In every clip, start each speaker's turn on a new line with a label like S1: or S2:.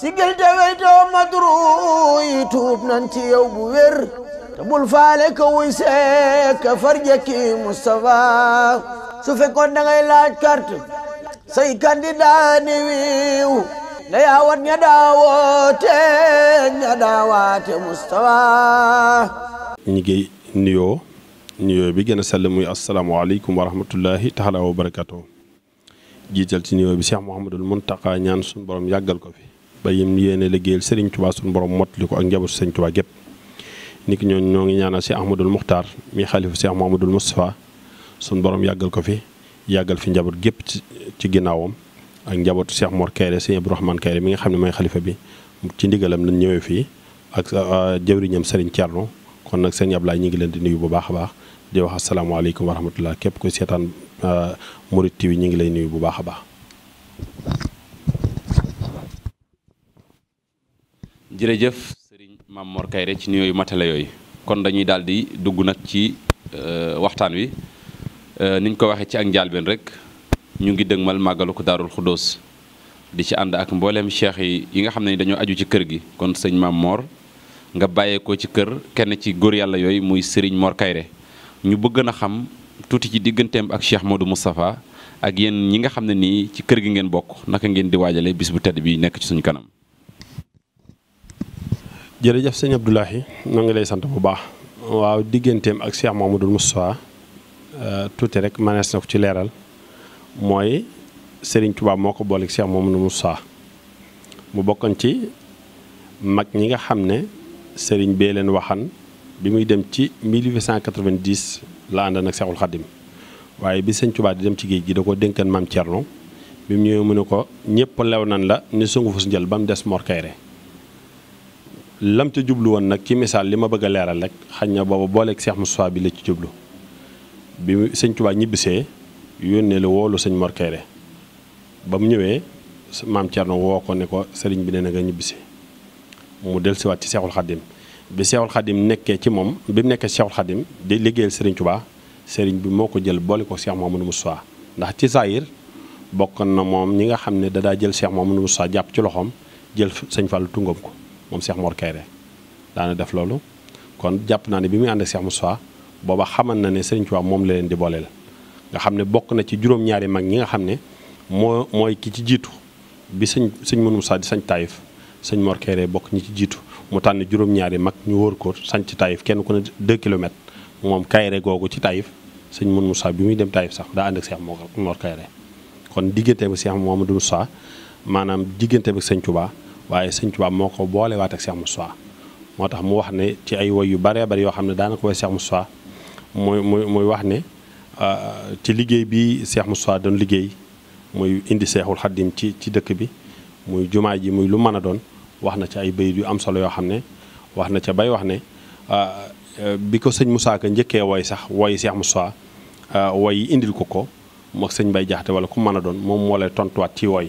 S1: sigil te weytoo madru yi tuub nan ci yow bu wér te bul faale ka wuy see ka farjekki Moustapha su fekkoon da ngay laaj carte say candidat ni wiiw na yaawat ña daawoote ña daawaate
S2: nuyoo nuyoo bi gën a sell muy asalaamaaleykum wa rahmatullahi jiital ci nuyoo bi Cheikh Mouhamadul Muntaqa ñaan suñu borom yàggal ko fi bayim yene liggeel Serigne Touba sun borom motliko ak njabootu Serigne Touba gep nik ki ñoo ngi ñaanal Cheikh Ahmadoul Moukhtar mi xalifa Cheikh Mouhamadoul mustafa sun borom yagal ko fi yagal fi njaboot gep ci ginnaawam ak njabootu Cheikh Mor Kayre Serigne ibrahiman Kayre mi nga xam ne khalifa bi ci ndigalam lañ ñëwé fi ak jëwriñam Serigne tiarno kon nak Serigne Ablaye ñi ngi leen di nuyu bu baax baax di wax assalamu alaykum wa rahmatullah kep ko setan Mouride TV ñi ngi lay nuyu bu baax baax
S1: jerejeuf serigne mam Mor Kayré ci nuyooyu matale yoy kon dañuy daldi di dugg nag ci euh, waxtan wi euh, niñ ko waxe ci ak njaalbeen rek ñu ngi ko di ci anda ak mbollem cheikh yi yi nga xamne dañu aju ci kër gi kon serigne mam Mor nga ko ci kër kenn ci gor yalla yoy muy serigne Mor kayre ñu bëgg na xam tuti ci digëntem ak cheikh Modou mustapha ak yeen ñi nga xamne ni nii ci kër gi ngeen bokk naka ngeen di wajale bis bu tedd bi nek ci suñu kanam
S2: jërëjëf seigne Abdullahi noo ngi lay sant bu baax waaw digganteem ak Cheikh Mamadou euh touté rek manes na ci leeral moy Serigne Touba moko ko booleeg Cheikh Mamadou moussa mu bokkoon ci mag ñi nga xam Serigne bee len waxan bi muy dem ci 1890 la anda nak Cheikhul Khadim waye bi serigne Touba di dem ci geej gi dako ko mam tierno bi mu ñëwee mu ne ko ñepp lew nan la ni sungu fus njël bam dess Mor Kayre lam ca jublu woon nag ci misaal li ma bëgg a leeral rek xañ na booba seex mu Moustapha bi la ci jublu bi sëñ Tuubaa ñibbisee yónnee la woolu sëñ Mor Kayré ba mu ñëwee maam Thierno woo ko ne ko sëriñ bi nee na nga ñibbisee mu dellusiwaat ci Seexul Xaddim bi Seexul Xaddim nekkee ci moom bi mu nekkee Seexul Xaddim di liggéeyal sëriñ Tuubaa sëriñ bi moo ko jël boole ko Cheikh Mamadou Moustapha ndax ci saayir bokkoon na moom ñi nga xam ne dadaa jël Cheikh Mamadou Moustapha jàpp ci loxoom jël sëñ Fallou ko moom Cheikh Mor Kayre daana def loolu kon jàpp naa ne bi muy ànd ak mu Moussa booba xamal na ne Serigne Touba moom la leen di booleel nga xam ne bokk na ci juróom-ñaari mag ñi nga xam ne moo mooy ki ci jiitu bi sëñ sëñ Manoum Moussa di sañ Taïf sëñ Mor Kayre bokk ñi ci jiitu mu tànn juróom mag ñu wóor ko sañ ci Taïf kenn ku ne 2 kilomètres moom Kayre googu ci tayif sëñ Manoum Moussa bi muy dem Taïf sax daa ànd ak Cheikh Mor Kayre kon diggante bi Cheikh Mouhamadou Moussa maanaam diggante bi sëñ Touba waaye sëñ Tuubaa moo ko boole waat ak mu Moustapha moo tax mu wax ne ci ay woy yu baree bari yoo xam ne daanaka woy Cheikh Moustapha muy muy muy wax ne euh, ci liggéey bi Cheikh Moustapha doon liggéey muy indi Seexul Xaddim ci ci dëkk bi muy jumaa ji muy lu mën a doon wax na ci ay bayit yu am solo yoo xam ne wax na ca bay wax ne euh, euh, bi ko sëñ Moussa Ka njëkkee woy sax woy mu Moustapha woy indil ko ko moog sëñ Bay Jaxate wala ku mën a doon moom moo lay tontuwaat ci woy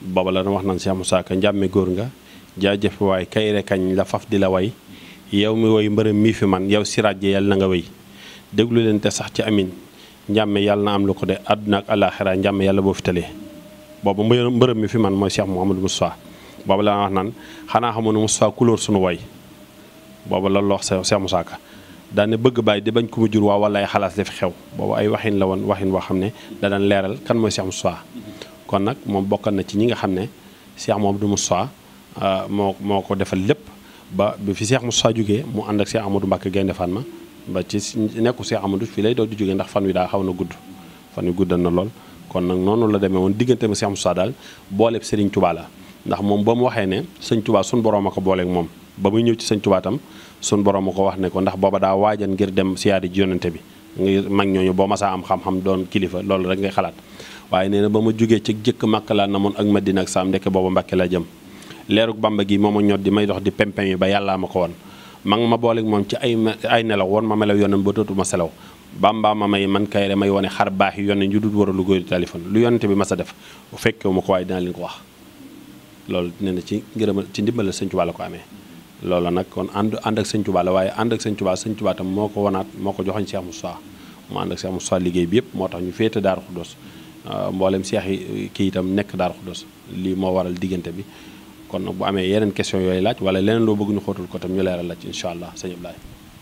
S2: booba la wax nan Cheikh mu Ka njàmme góor nga jaajëf waay kayre kañ la faf di la way yow mi woy mbërëm mii fi man yow siraaj ji yàlla na nga way déglu leen te sax ci amin njàmme yàlla na am la ko de àdduna ak alaaxira njàmme yàlla boo fi talee booba mbërëm mi fi man mooy Cheikh Mouhamadou Moustapha booba la wax nan xanaa xamoon ne Moustapha couleur suñu way booba loolu la wax Cheikh Moussa Ka daane bëgg bàyyi di bañ ko mu jur waa wala ay xalaas li xew boobu ay waxin la woon waxin boo xam ne da leeral kan mooy Cheikh kon nag moom bokkan na ci ñi nga xam ne Cheikh Mouhamadou Moussa euh, moo moo ko defal lépp ba bi fi mu Moussa jógee mu ànd ak Cheikh Amadou Mbacke Gaynde Fatma ba ci nekku Cheikh Amadou fii lay doon di jógee ndax fan wi daa xaw na gudd fan wi guddal na lool kon nag noonu la demee woon diggante ma Cheikh Moussa daal booleeb Serigne Touba la ndax moom ba mu waxee ne sëñ Touba suñu borom a ko booleeg moom ba muy ñëw ci sëñ Touba tam suñu borom a ko wax ne ko ndax booba daa waajan ngir dem siyaari ji yonente bi ngay mag ñooñu boo masaa am xam-xam doon kilifa loolu rek ngay xalaat waaye nee na ba ma jógee ca jëkk màkk laa namoon ak madina ak saam ndekk booba mbàkke la jëm leeruk bamba gi mooma ñot di may dox di pempem yi ba yàllaa ma ko woon ma ma booleeg moom ci ay ay nelaw woon ma melaw yonam ba dootuma selaw bamba ma may man kay may wone xar baax yi yonne ñu dut war a lu góor téléphone lu yonente bi ma a def fekkee ma ko waaye dinaa leen ko wax loolu nee na ci ngërëmal ci ndimbalal sëñ Tuubaa ko amee loola nag kon ànd ànd ak sëñ Tuubaa la waaye ànd ak sëñ Tuubaa sëñ Tuubaa tam moo ko wanaat moo ko joxoñ Cheikh Moussa mu ànd ak Cheikh Moussa liggéey bi yëpp moo tax ñu féete Daaru Xuddoos euh, mboolem seex yi kii itam nekk Daaru Xuddoos lii moo waral diggante bi kon nag amee yeneen question yooyu laaj wala leneen loo bëgg ñu xóotul ko tam ñu leeral laaj incha allah sëñ Ablaye.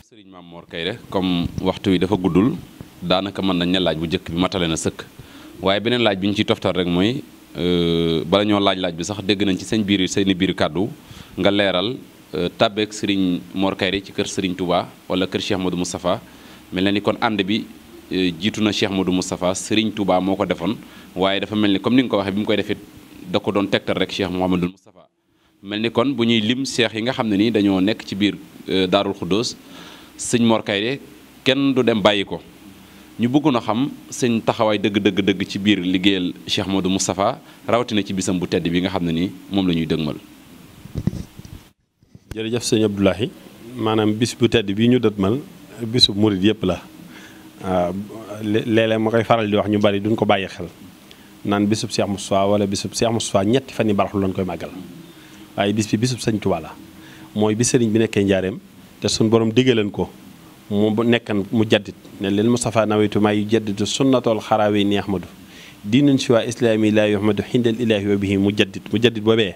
S1: sëriñ Maam Mor Kayre comme waxtu wi dafa guddul daanaka mën nañ ne laaj bu njëkk bi matale na sëkk waaye beneen laaj bi ñu ciy toftal rek mooy euh, bala ñoo laaj laaj bi sax dégg nañ ci sañ biir seeni biir kàddu nga leeral Euh, tàbbeek sëriñ Mor Kayre ci kër sëriñ Touba wala kër Cheikh Modou Moustapha mel na ni kon ànd bi euh, jiitu na Cheikh Modou Moustapha sëriñ Touba moo ko defoon waaye dafa mel ni comme ni nga ko waxee bi mu koy defit da ko doon tegtal rek Cheikh Mouhamadou Moustapha mel ni kon bu ñuy lim seex yi nga xam ne nii dañoo nekk ci biir Daarul Xuddoos sëñ Mor Kayre kenn du dem bàyyi ko ñu bëggoon a xam sëñ taxawaay dëgg dëgg dëgg ci biir liggéeyal Cheikh Modou Moustapha rawatina ci bisam bu tedd bi nga xam ne ni moom la ñuy dëgmal
S2: jërëjëf sëñ Abdoulahi maanaam bis bu tedd bii ñu dëtmal bisub murit yëpp la ah, léeg-léeg ma koy faral di wax ñu bari duñ ko bàyyi xel naan bisub Cheikh Moustapha wala bisub Cheikh Moustapha ñetti fan ni baraxlu lañ koy màggal waaye bis bi bisub sëñ Tuubaa la mooy bi sëriñ bi nekkee njaareem te suñ borom leen ko mu nekkan mu jaddit ne leen Moustapha nawetu maa yu jadditu sunnatool xaraawe ni ahmadu diinun siwaa islaami laa yuhmadu xindal ilaahi wa bihi mu jaddit mu jaddit boobee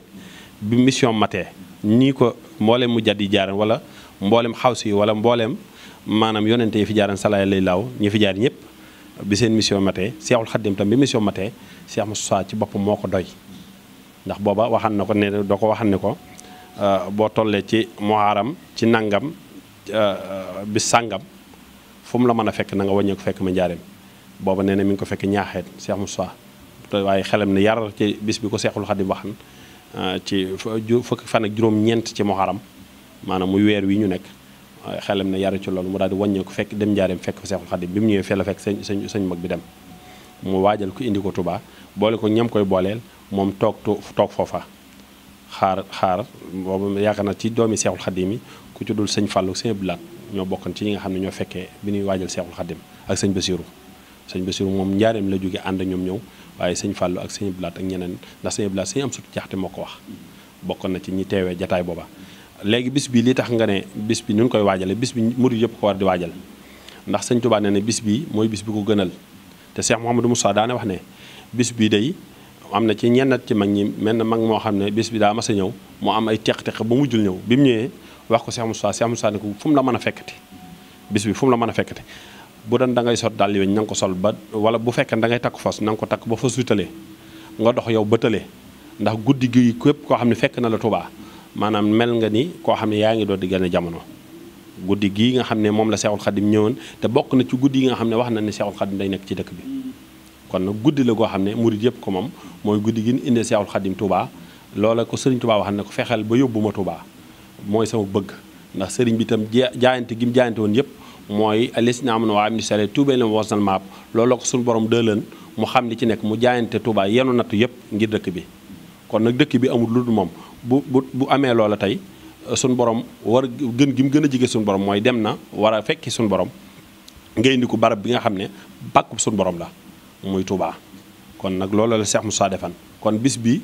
S2: bi mission matee mbollem mu jàddi jaaran wala mbollem xawsi wala mbollem manam yonente yi fi jaaran salay lay law ñi fi jaar ñep bi seen mission maté cheikhul khadim tam bi mission maté cheikh moussa ci bop moko doy ndax boba waxan nako ne doo ko waxan niko euh bo tollee ci muharam ci nangam euh, bi sangam fum la mën fekk na nga fekk ma jaarem boba neena mi ngi ko fekk cheikh moussa toy waye xelam ne yar ci bis bi ko cheikhul khadim waxan Euh, ci fukki fan ak juróom-ñeent ci muharram maanaam muy weer wi ñu nekk xelam na yaru ci loolu mu daal di wàññeeku fekk dem njaareem fekk fa Seexul Xadiim bi mu ñëwee fee a fekk sëñ sëñ sëñ mag bi dem mu waajal ko indi ko Touba boole ko ñam koy booleel moom toog toog foofa xaar xaar boobu yaakaar na ci doomi Seexul Xadiim yi ku ci dul sëñ Fallou sëñ Abdou ñoo bokkoon ci ñi nga xam ne ñoo fekkee bi ñuy waajal Seexul Xadiim ak sëñ Basiiru sëñ Basiiru moom njaareem la jóge ànd ñoom ñëw waaye sëñ Fallou ak sëñ Blaat ak ñeneen ndax sëñ Blaat sëñ am sutu jaxte moo ko wax bokkoon na ci ñi teewee jataay booba léegi bis bi li tax nga ne bis bi nu koy waajale bis bi murid yëpp ko war di waajal ndax sëñ Tuubaa ne bis bi mooy bis bi ko gënal te Cheikh Mouhamadou Moussa daane wax ne bis bi day am na ci ñennat ci mag ñi mel na mag moo xam ne bis bi daa ma sa ñëw mu am ay teq-teq ba mujjul ñëw bi mu ñëwee wax ko Cheikh Moussa Cheikh Moussa ne ko fu mu la mën a fekkati bis bi fu mu la mën a fekkati bu doon da ngay sot dàll yooyu nanga ko sol ba wala bu fekkee da ngay takk fos na ko takk ba fas wi tële nga dox yow ba tële ndax guddi gi képp koo xam ne fekk na la Tuubaa maanaam mel nga ni koo xam ne yaa ngi doon di gën jamono guddi gii nga xam ne moom la Seexul xaddim ñëwoon te bokk na ci guddi yi nga xam ne wax na ne Seexul Xadim day nekk ci dëkk bi kon nag guddi la goo xam ne murid yëpp ko moom mooy guddi gi ñu indee Seexul Xadim Tuubaa loola ko sëriñ Tuubaa wax ne ko fexeel ba yóbbu ma Tuubaa mooy sama bëgg ndax sëriñ bi itam jaayante gi mu jaayante woon yëpp mooy alisna amanu wa amilu saalihaati tuubaa lahum wa husnal maab loolu la ko suñu borom dëlën mu xam li ci nekk mu jaayante Touba yenu nattu yépp ngir dëkk bi kon nag dëkk bi amul lu dul moom bu bu bu amee loola tey suñu borom war gën gi mu gën a jige suñu borom mooy dem na war a fekki suñu borom ngay indi ko barab bi nga xam ne bàkkub suñu borom la muy Touba kon nag loolu la mu Moussa defan kon bis bi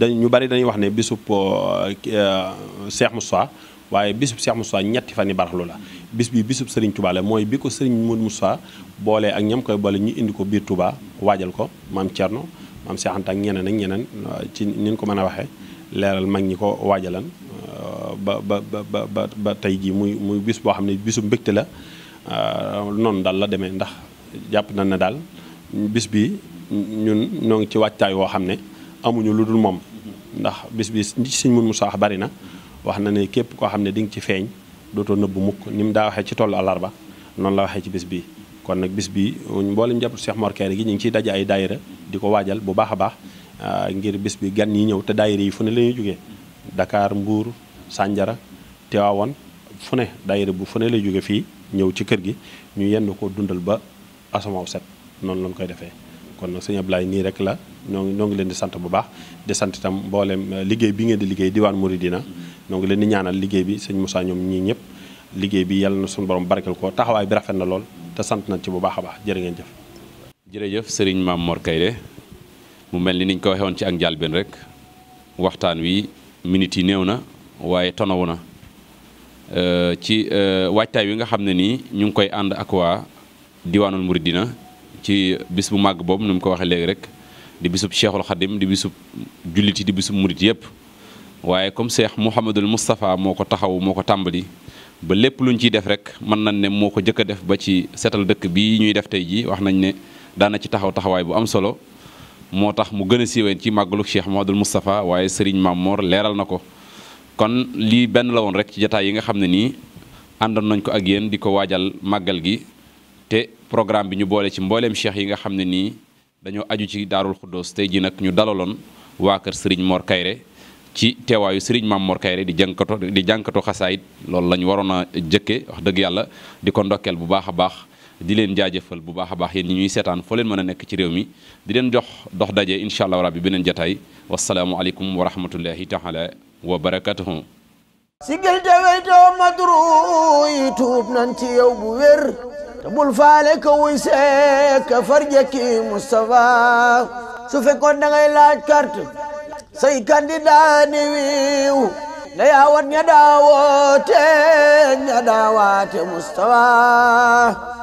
S2: dañ ñu bari dañuy wax ne bisub euh, euh, Cheikh Moussa waaye bisub Cheikh Moussa ñetti fan yi baraxlu la bis bi bisub sëriñ Touba mooy bi ko Serigne Modou Moussa boolee ak ñam koy boole ñu indi ko biir Touba waajal ko maam Thierno maam Cheikh Anta ak ñeneen ak ñeneen euh, ci ni ko mën a waxee leeral mag ñi ko waajalan euh, ba ba ba tey jii muy muy bis boo xam ne bisu mbégte la euh, noonu daal la demee ndax jàpp nañ na daal bis bi ñun ñoo ci waajtaay woo xam ne amuñu lu dul moom ndax bis bi ci Serigne Modou Moussa bari na wax na ne képp koo xam ne di nga ci feeñ dootoo nëbbu mukk ni mu daa waxee ci tollu àllarba noonu la waxee ci bis bi kon nag bis bi mboolem jàpp Cheikh Mor Kairé gi ñu ngi ciy daje ay di ko waajal bu baax a baax ah, ngir bis bi gan yi ñëw te daayira yi fu ne la ñuy Mbuur Sanjara Tiwaawoon fu ne bu fu lay jóge fii ñëw ci kër gi ñu yenn ko dundal ba asamaaw set noonu lañ koy defee kon nag sëñ Ablaye nii rek la ñoo ngi ñoo ngi leen di sant bu baax di sant itam mboolem liggéey bi ngeen di liggéey diwaan Mouridina ñoo ngi leen di ñaanal liggéey bi sëñ Moussa ñom ñi ñëpp liggéey bi yalla na suñu borom barkel ko taxaway bi rafet na lool te sant na ci bu baaxa baax jere ngeen jëf.
S1: jëf sëriñ Mam Mor Kayde mu melni niñ ko waxee ci ak rek waxtaan wi minute yi neewna na tonawuna euh ci euh waajtaay wi nga xamne ni ñu ngi koy and ak wa diwanul Muridina ci bis bu mag bob nu ko waxe leg rek di bisub Cheikhul Khadim di bisub jullit di bisub murit yep waaye comme Cheikh Mouhamadul Moustapha moo ko taxaw moo ko tàmbali ba lépp lu luñ ciy def rek mën nañ ne moo ko jëkk a def ba ci seetal dëkk bii ñuy def tey jii wax nañ ne daana ci taxaw taxawaay bu am solo moo tax mu gën a siiwee ci màggalu Cheikh Mouhamadul Moustapha waaye Serigne moor leeral na ko kon lii benn la woon rek ci jataay yi nga xam ne nii àndoon nañ ko ak yéen di ko waajal màggal gi te programme bi ñu boole ci mbooleem cheikh yi nga xam ne nii dañoo aju ci daarul xuddoos tey ji nag ñu dalaloon waa kër Serigne Mor Kayre ci teewaayu Serigne Mame Mor di jànkato di jànkatu xasaayit loolu la ñu waroon a jëkke dëgg yàlla di ko ndokkeel bu baax a baax di leen jaajëfal bu baax a baax yéen ñuy seetaan foo leen mën a nekk ci réew mi di leen jox dox daje incha allah rabbi beneen jataay wasalaamualeykum wa rahmatullahi taala wa barakatuhu sigil te weytoo madru yi tuub nan ci yow bu wér te bul faale ko wuy seek farjëkki Moustapha su fekkoon da ngay laaj carte sai da ni wiu na yawon ya dawo te ya dawa te mustawa